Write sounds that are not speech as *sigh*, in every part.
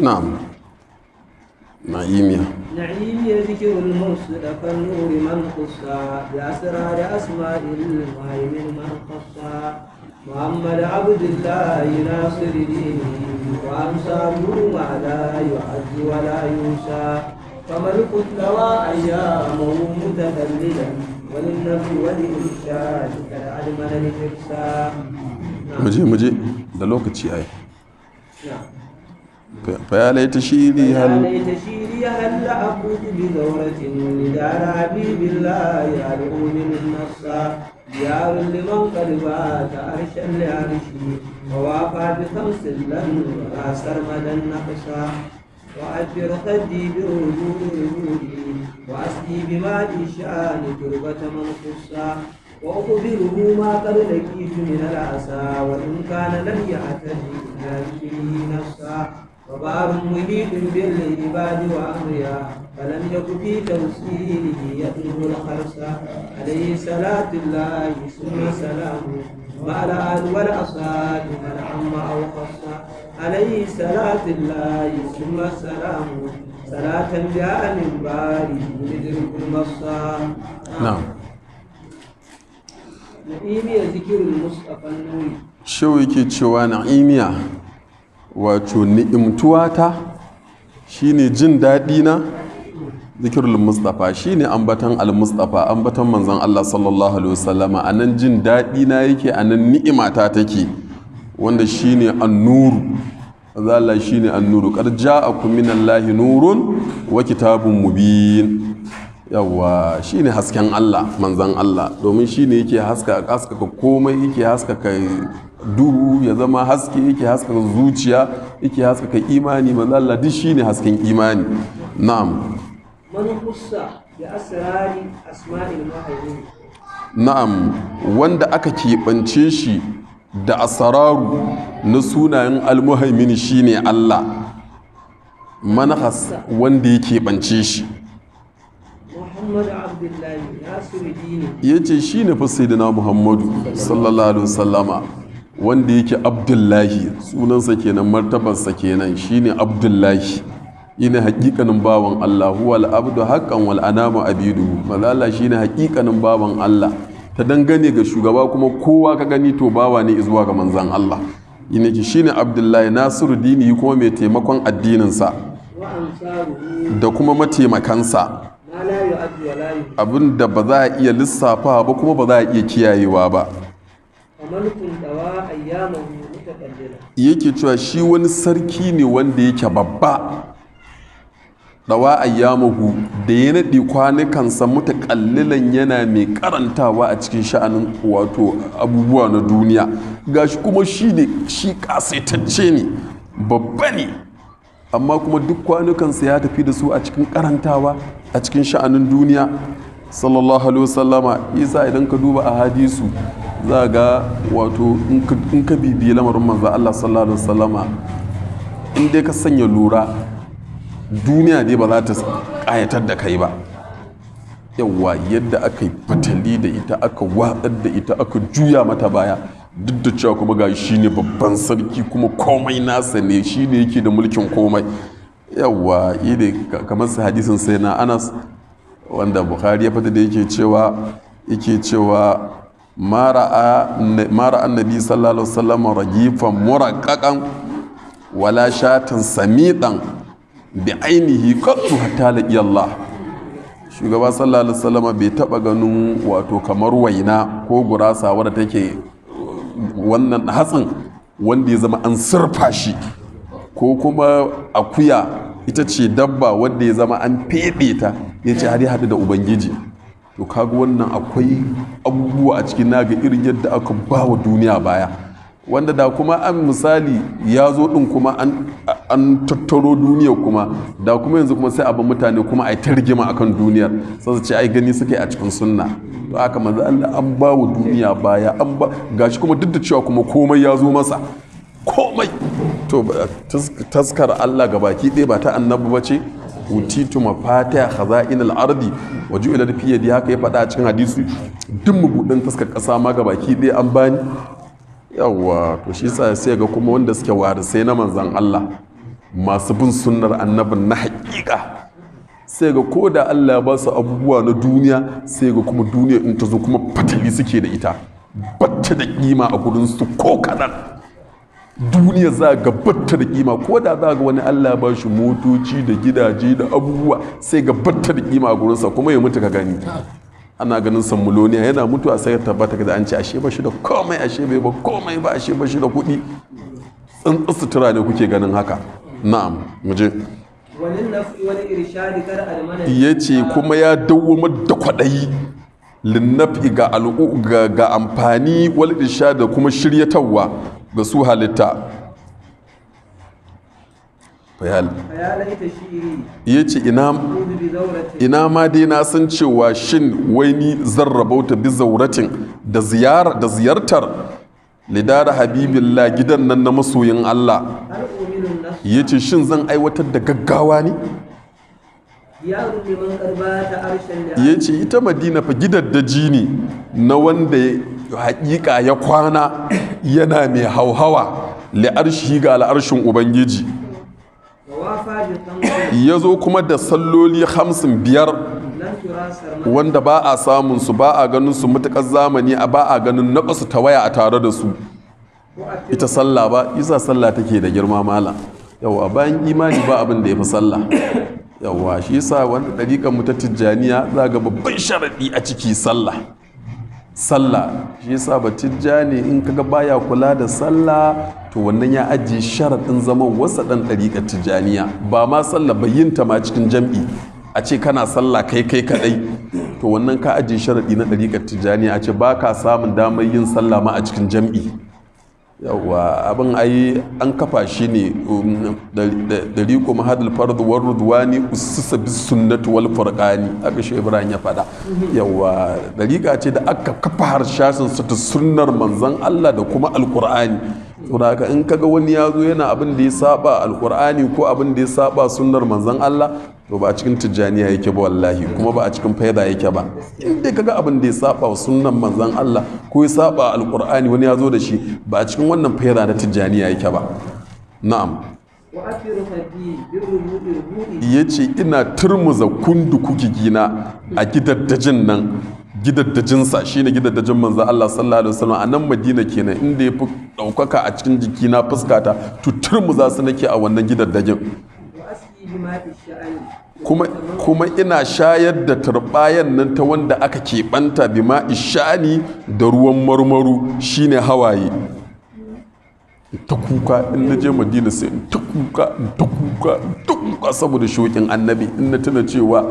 نعم نعيميا نعيميا ذكر المرسل النور من خصا بأسرار أسماء الله من من خصا محمد عبد الله ناصر دينه وأنصاره ما لا يعز ولا ينسى فملك الثوى أيامه متذللا وللنبي وللإرشاد كالعلم للإرسال مجي مجي ده لوكتشي أي نعم. فيا ليت شيري هل يا ليت شيري هل أقود بثورة ولدار حبيب الله يا منه نصا ديار لمن قد بات عرشا لعرشي ووافى بخمس لم ولا سرمدا نقصا وأجر خدي بوجودي وأسقي بما شان تربة منقصا وأخبره ما قد لقيت من العسى وإن كان لم يعتدي إلا به نفسا وباب محيط بالعباد وأمرها فلم يك في توسيله يطلب الخلص عليه صلاة الله ثم سلامه وعلى آل والأصحاب من عم أو خص عليه صلاة الله ثم سلامه صلاة جاء من باره يدرك المصار نعم shehu yake cewa na'imiya wato ni'imtuwata shine jin daɗi na zikirul mustafa shine ambatan al-mustafa ambatan manzan Allah sallallahu alaihi wasallama anan jin daɗi na yake anan ni'imata take wanda shine annuru zalla shine annuru a kuminan lahi nurun wa kitabun mubin yawwa shine hasken Allah manzan Allah domin shine yake haska haskaka komai yake haskaka duhu ya zama haske yake haskaka zuciya yake haskaka imani manzan Allah duk shine hasken imani na'am na'am wanda aka keɓance shi da asararu na sunayen almuhaimini shine Allah manahas wanda ya keɓance shi ya ce shi ne fasidina muhammadu sallallahu alaihi wasallama wanda yake abdullahi sunansa kenan martabarsa kenan shi ne abdullahi ina hakikanin bawan Allah huwa al'abdu haqqan wal anama abidu mazala shine hakikanin bawan Allah ta dangane ga shugaba kuma kowa ka gani to bawa ne zuwa ga manzan Allah ina ki shine abdullahi nasiru dini kuma mai taimakon addininsa da kuma mataimakansa abin da ba za a iya lissafa ba kuma ba za a iya kiyayewa ba yake cewa shi wani sarki ne wanda yake babba dawa ayyamahu da ya naɗe kwanukansa mutakallilan yana mai karantawa a cikin sha'anin wato abubuwa na duniya gashi kuma shi ne shi kasaitacce ne babba ne amma kuma duk kwanukansa ya tafi da su a cikin karantawa a cikin sha'anin duniya sallallahu alaihi wasallama isa idan ka duba a hadisu za ga wato in ka bibiyi lamarin manzo Allah sallallahu alaihi wasallama in dai ka sanya lura duniya dai ba za ta kayatar da kai ba yawa yadda aka yi fatali da ita aka watsar da ita aka juya mata baya duk da cewa kuma ga shi ne babban sarki kuma komai nasa ne shi ne yake da mulkin komai yawwa ide kamar su hadisin sai na anas wanda buhari ya fata da yake cewa yake cewa mara annabi sallallahu alaihi wasallam ragifan muraqaqan wala shatan samidan bi ainihi qattu hatta laqi Allah shugaba sallallahu alaihi wasallam bai taba ganin wato kamar waina ko gurasa wadda take wannan hatsin wanda ya zama an surfa shi ko kuma akuya ita ce dabba wanda ya zama an feɗe ta ya ce har hadu da ubangiji to kaga wannan akwai abubuwa a cikin naga irin yadda aka ba wa duniya baya wanda da kuma an misali ya zo ɗin kuma an an tattaro duniya kuma da kuma yanzu kuma sai abin mutane kuma a yi targima a kan duniyar sai ce ai gani suke a cikin sunna to aka manzo Allah an ba wa duniya baya an ba gashi kuma duk da cewa kuma komai ya zo masa komai to taskar Allah ga baki ɗaya ba ta annabi ba ce utitu mafatiha khaza'in al-ardi wa ju'ila fi yadi haka ya faɗa cikin hadisi duk mabudin taskar ƙasa ma ga baki ɗaya an bani yawwa to shi sai ga kuma wanda suke warisai na manzan Allah masu bin sunnar annabin na haƙiƙa sai ga ko da Allah ya ba su abubuwa na duniya sai ga kuma duniya in ta zo kuma fatali suke da ita batta da kima a gurin su ko kaɗan duniya za ga batta da kima ko da za ga wani Allah ba shi motoci da gidaje da abubuwa sai ga batta da kima a gurinsa kuma ya mutu ka gani ana ganin sammuloniya yana mutuwa sai ta tabbata da an ce ashe ba shi da komai ashe bai ba komai ba ashe ba shi da kuɗi tsuntsu sutura ne kuke ganin haka na'am muje ya ce kuma ya dawwamar da kwaɗayi linnafi ga ga amfani wal da kuma tawwa ga su halitta ya ce ina ma dai na san cewa shin waini zan rabauta bi zauratin da ziyartar lidara habibillah gidan nan na masoyin Allah ya ce shin zan aiwatar da gaggawa ne ya ce ita madina fa gidaddaji ne na wanda haƙiƙa ya kwana yana mai hauhawa li'arshi ga al'arshin ubangiji ya zo kuma da salloli hamsin biyar wanda ba a samun su ba a ganin su matuƙar zamani a ba a ganin naƙasu ta waya a tare da su ita sallah ba isa sallah take da girma malam yawa bayan imani ba abin da ya fi sallah yawa shi sa wanda ɗariƙan mu ta tijjaniya za ga babban sharaɗi a ciki sallah sallah shi sa ba tijjani in kaga baya kula da sallah to wannan ya ajiye sharaɗin zaman wasa ɗan ɗariƙar tijjaniya ba ma sallah ta ma cikin jam'i a ce kana sallah kai kai kaɗai to wannan ka ajiye sharaɗi na ɗariƙar tijjaniya a ce ba ka samun damar yin sallah ma a cikin jam'i yawwa abin ayi an kafa shi ne um, da riko mahadal fardu war rudwani ussisa bi sunnati wal furqani aka shi ibrahim ya fada yawwa ce da aka kafa harsashin su ta sunnar manzon Allah da kuma alqur'ani saboda in kaga wani ya yana abin da ya saba alkur'ani ko abin da ya saba sunnar manzon Allah to ba a cikin tijjaniya yake ba wallahi kuma ba a cikin faida yake ba in dai kaga abin da ya saba wa sunnan manzon Allah ko ya saba alqur'ani wani ya zo da shi ba a cikin wannan faida na tijjaniya yake ba na'am ya ce ina turmuza kundu kuki gina a gidaddajin nan gidaddajinsa shi ne gidaddajin manzan Allah sallallahu a nan madina kenan inda ya fi ɗaukaka a cikin jikina fuskata to turmuza su nake a wannan gidaddajin kuma ina shayar da turbayan nan ta wanda aka keɓanta bi ma'i sha'ani da ruwan marmaru shine hawaye ta kuka in na je madina sai ta kuka ta kuka ta kuka saboda shokin annabi in na tuna cewa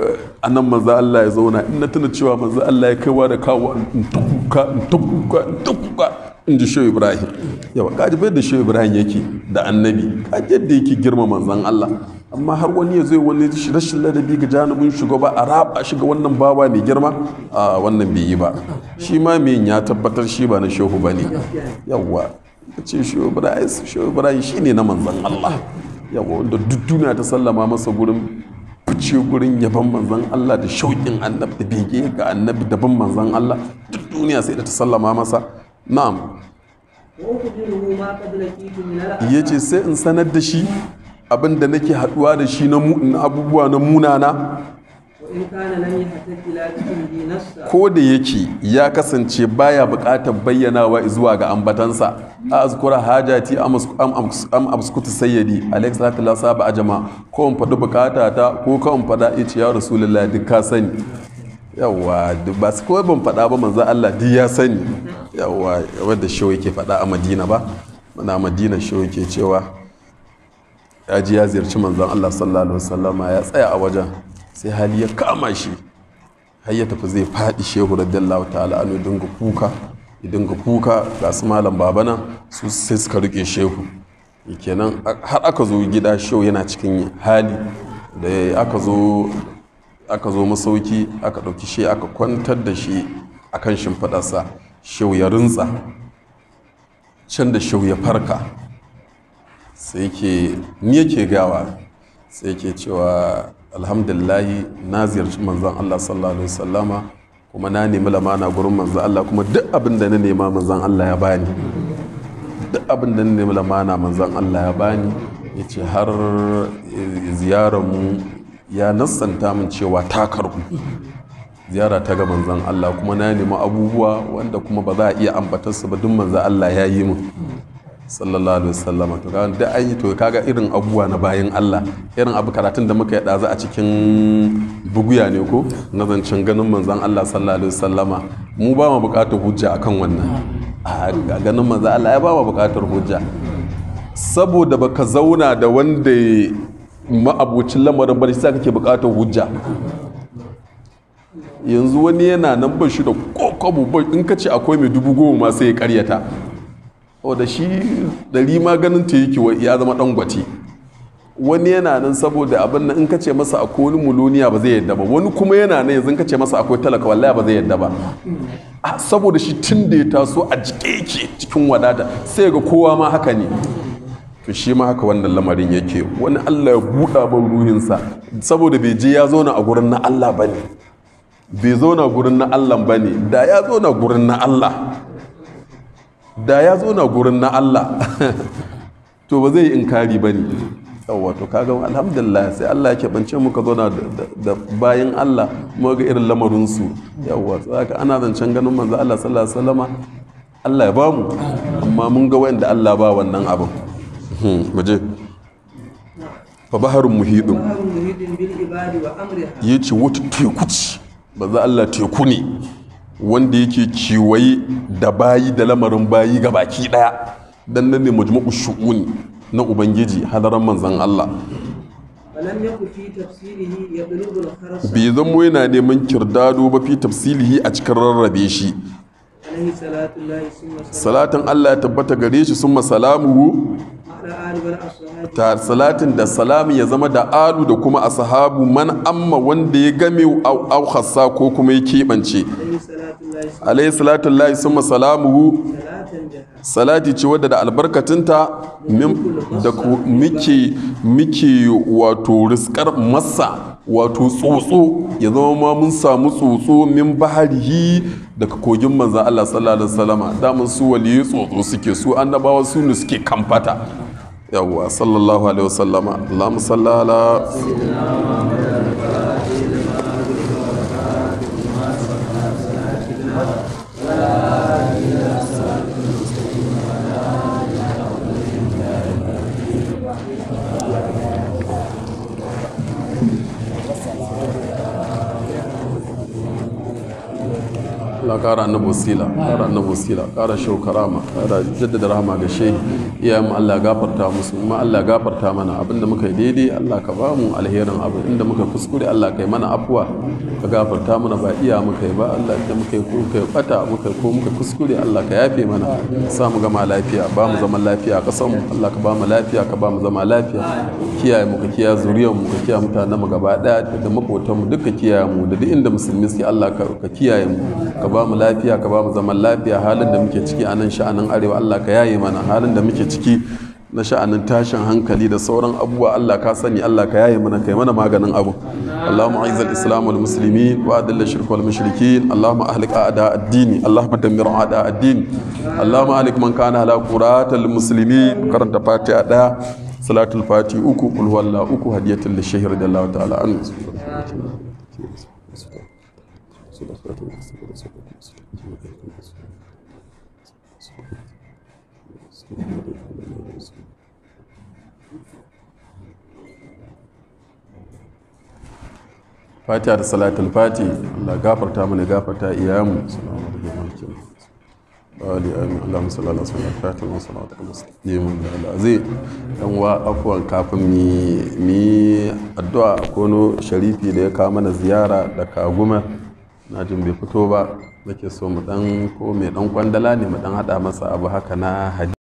eh, a nan maza Allah ya zauna in na tuna cewa maza Allah ya kaiwa da kawo ta kuka ta kuka ta kuka in ji shehu ibrahim yawa kaji da shehu ibrahim yake da annabi kaji yadda yake girma manzan allah amma har wani ya zai wani rashin ladabi ga janibin ba a raba shiga wannan bawa mai girma a wannan bai yi ba shi ma mai ya tabbatar shi ba na shehu ba ne yawa ce shehu ibrahim ibrahim shi ne na manzan allah yawa wanda duk duniya ta sallama masa gurin fice gurin yaban manzan Allah da shauƙin annabi da bege ga annabi daban manzan Allah duk duniya sai da ta sallama masa na'am ya ce sai in sanar da shi abin da nake haduwa da shi na abubuwa na munana ko da yake ya kasance baya bukatar bayyanawa zuwa ga ambatansa a azkura hajati am abskutu sayyadi alex hatala saba a jama ko in faɗi buƙata ta ko ka in faɗa ya ce ya rasulullah duk ka sani yawa ba su kawai ban faɗa ba manzan allah duk ya sani yawa wadda shehu yake faɗa a madina ba na madina shehu yake cewa ya ji ya ziyarci manzan allah sallallahu alaihi wasallama ya tsaya a wajen sai hali ya kama shi har ya tafi zai faɗi shehu radiyallahu ta'ala anu dinga kuka dinga kuka ga su malam babana su sai suka rike shehu kenan har aka zo gida shehu yana cikin hali da aka zo aka zo masauki aka ɗauki shi aka kwantar da shi akan shimfiɗarsa shau ya rintsa can da shau farka sai ke ni yake gawa sai ke cewa alhamdulillahi na ziyarci manzan Allah sallallahu alaihi wasallama kuma na nemi lamana gurin manzan Allah kuma duk abin da na nema manzan Allah ya bani duk abin da na nemi lamana manzan Allah ya bani ya ce har ziyararmu ya nassanta min cewa takarku ziyara ta ga manzan Allah kuma na nemi abubuwa wanda kuma ba za a iya ambatarsa ba duk manzan Allah ya yi min sallallahu alaihi wasallam to ga da an yi to kaga irin abubuwa na bayan Allah irin abu karatun da muka yi ɗazu a cikin buguya ne ko na zancen ganin manzan Allah sallallahu alaihi wasallama mu ba mu buƙatar hujja akan wannan a ganin manzan Allah ya ba mu buƙatar hujja saboda baka zauna da wanda ma'abucin lamarin barci shi sa kake buƙatar hujja yanzu wani yana nan ba shi da kokobo ba in ka ce akwai mai dubu goma ma sai ya karyata o da shi dari ma ganin ta yake ya zama dan gwati wani yana nan saboda abin nan in ka ce masa akwai wani muloniya ba zai yadda ba wani kuma yana nan yanzu in ka ce masa akwai talaka wallahi ba zai yadda ba saboda shi tun da ya taso a jike yake cikin wadata sai ga kowa ma haka ne to shi ma haka wannan lamarin yake wani Allah ya buɗa ban ruhinsa saboda bai je ya zauna a gurin na Allah ba bai zauna gurin na Allah ba ne da ya zauna gurin na Allah da ya na gurin na Allah *laughs* to ba zai yi inkari ba ne yawwa to kaga alhamdulillah sai Allah ya keɓance mu ka zauna da bayan Allah mu ga irin lamarinsu yawwa tsaka ana zancen ganin manzo Allah sallallahu alaihi wasallama Allah ya bamu amma mun ga wanda Allah ba wannan abin hmm, muje fa baharun muhidun yace wata teku ce manzo Allah teku ne wanda yake kiwaye da bayi da lamarin bayi ga baki daya dan nan ne majmu'u shu'uni na ubangiji hadaran manzon Allah bai zamo yana neman kirdado ba fi tafsilihi a cikin rarrabe shi salatin Allah ya tabbata gare shi sun masalamu ta salatin da salami ya zama da alu da kuma ashabu man amma wanda ya game au khassa ko kuma ya keɓance alayhi salatun lahi summa salamuhu salati ce wadda da albarkatinta da muke muke wato riskar masa wato tsotso ya zama ma mun samu tsotso min baharihi daga kogin manzan Allah sallallahu alaihi wasallama su waliyu tsotso suke su annabawa su ne suke kamfata yawwa sallallahu alaihi wasallama allahumma salla ala Allah kara annabi wasila kara annabi wasila kara shau karama kara jaddada rahama ga shehi iyayen mu Allah gafarta musu ma Allah gafarta mana abinda muka yi daidai Allah ka ba mu alherin abu inda muka kuskure Allah kai mana afuwa ka gafarta mana ba iya muka yi ba Allah da muka yi kuka yi bata muka ko muka kuskure Allah ka yafe mana sa mu gama lafiya ba mu zama lafiya a san mu Allah ka ba mu lafiya ka ba mu zama lafiya kiyaye mu ka kiyaye zuriyar mu ka kiyaye mutanen mu gaba daya da makotan mu duka kiyaye mu da duk inda musulmi suke Allah ka kiyaye mu ka ba ba mu lafiya ka ba mu zaman lafiya halin da muke ciki a nan sha'anin arewa Allah ka yaye mana halin da muke ciki na sha'anin tashin hankali da sauran abubuwa Allah ka sani Allah ka yaye mana kai mana maganin abu Allahumma aizal islam wal muslimin wa adalla shirk wal mushrikin Allahumma ahlik a'da ad-dini Allahumma dammir a'da ad-din Allahumma ahlik man kana ala quratal muslimin karanta fatiha daya salatul fati uku kul huwallahu uku hadiyatul lishahir da Allah ta'ala an fatiha da salatul fati Allah gafarta mana gafarta iyamu salamu alaikum wali amin Allah musalla Allah sallallahu alaihi fatiha wa salatu muslimin da ala zai dan wa afwan kafin mi mi addu'a kono sharifi da ya kawo mana ziyara da kaguma na jin bai fito ba nake so mu dan ko mai dan kwandala ne mu dan hada masa abu haka na